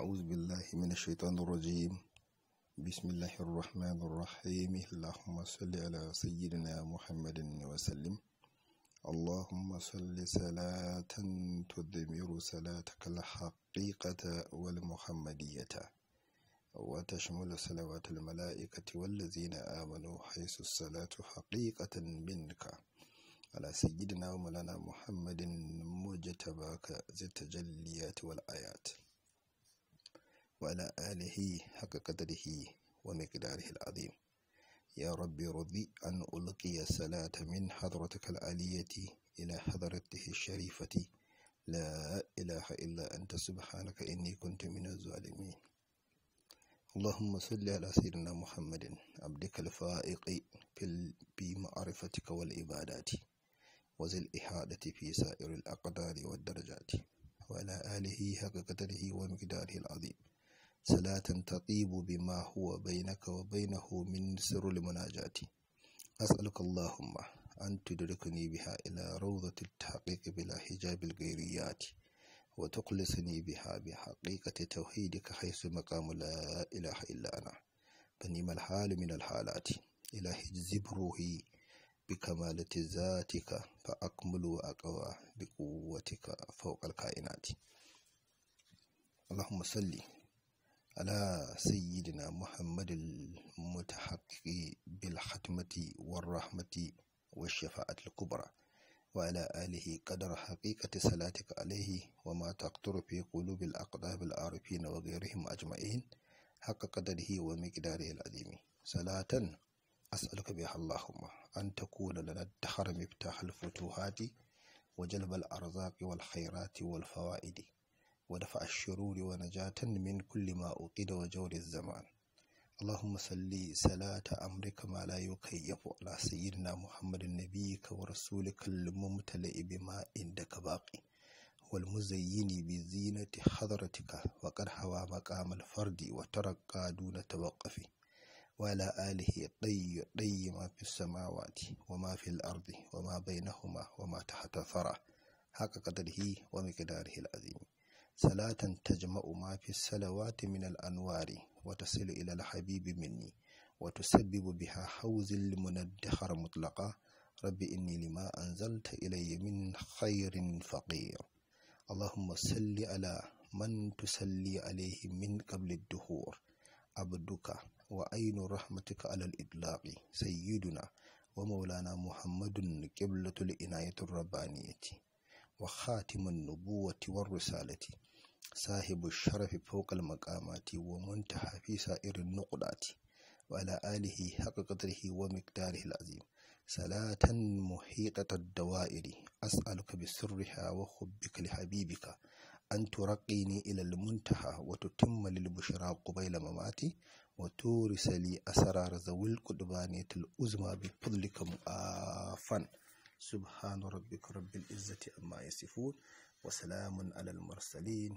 أعوذ بالله من الشيطان الرجيم بسم الله الرحمن الرحيم اللهم صل على سيدنا محمد وسلم اللهم صل صلاة تدمر صلاتك الحقيقة والمحمدية وتشمل صلوات الملائكة والذين آمنوا حيث الصلاة حقيقة منك على سيدنا ومولانا محمد مجتباك ذي التجليات والآيات وعلى آله حق قدره ومقداره العظيم يا رب رضي أن ألقي الصلاة من حضرتك العلية إلى حضرته الشريفة لا إله إلا أنت سبحانك إني كنت من الظالمين اللهم صل على سيدنا محمد عبدك الفائق في معرفتك والعبادات وذي الإحادة في سائر الأقدار والدرجات وعلى آله حق قدره ومقداره العظيم salatan tatibu bima huwa bainaka wa bainahu min sirrul munajati as'aluka allahumma an tudrikani biha ila rawdati at-tahqiq bila hijab al-ghayriyat wa tuqlisani biha bi haqiqati tauhidika haythu maqamu la ilaha illa ana fanimal halu min al-halati ila hijzib ruhi بكمال ذاتك فأكمل وأقوى بقوتك فوق الكائنات اللهم صلِّ على سيدنا محمد المتحقق بالحتمة والرحمة والشفاعة الكبرى وعلى آله قدر حقيقة صلاتك عليه وما تقطر في قلوب الأقداب العارفين وغيرهم أجمعين حق قدره ومقداره العظيم صلاة أسألك بها اللهم أن تكون لنا الدخر مفتاح الفتوحات وجلب الأرزاق والخيرات والفوائد ودفع الشرور ونجاة من كل ما أوقد وجور الزمان اللهم صل صلاة أمرك ما لا يكيف على سيدنا محمد نبيك ورسولك الممتلئ بما عندك باقي والمزين بزينة حضرتك وقد حوى مقام الفرد وترقى دون توقف وعلى آله طي طي ما في السماوات وما في الأرض وما بينهما وما تحت ثرى حق قدره ومقداره العظيم صلاة تجمع ما في الصلوات من الأنوار وتصل إلى الحبيب مني وتسبب بها حوز المندخر مطلقا رب إني لما أنزلت إلي من خير فقير اللهم صل على من تسلي عليه من قبل الدهور عبدك وأين رحمتك على الإطلاق سيدنا ومولانا محمد قبلة الإناية الربانية وخاتم النبوة والرسالة صاحب الشرف فوق المقامات ومنتهى في سائر النقلات وعلى آله حق قدره ومقداره العظيم صلاة محيطة الدوائر أسألك بسرها وحبك لحبيبك أن ترقيني إلى المنتهى وتتم للبشرى قبيل مماتي وتورس لي أسرار ذوي القدبانية الأزمى بفضلك مؤافا سبحان ربك رب العزة عما يصفون وسلام على المرسلين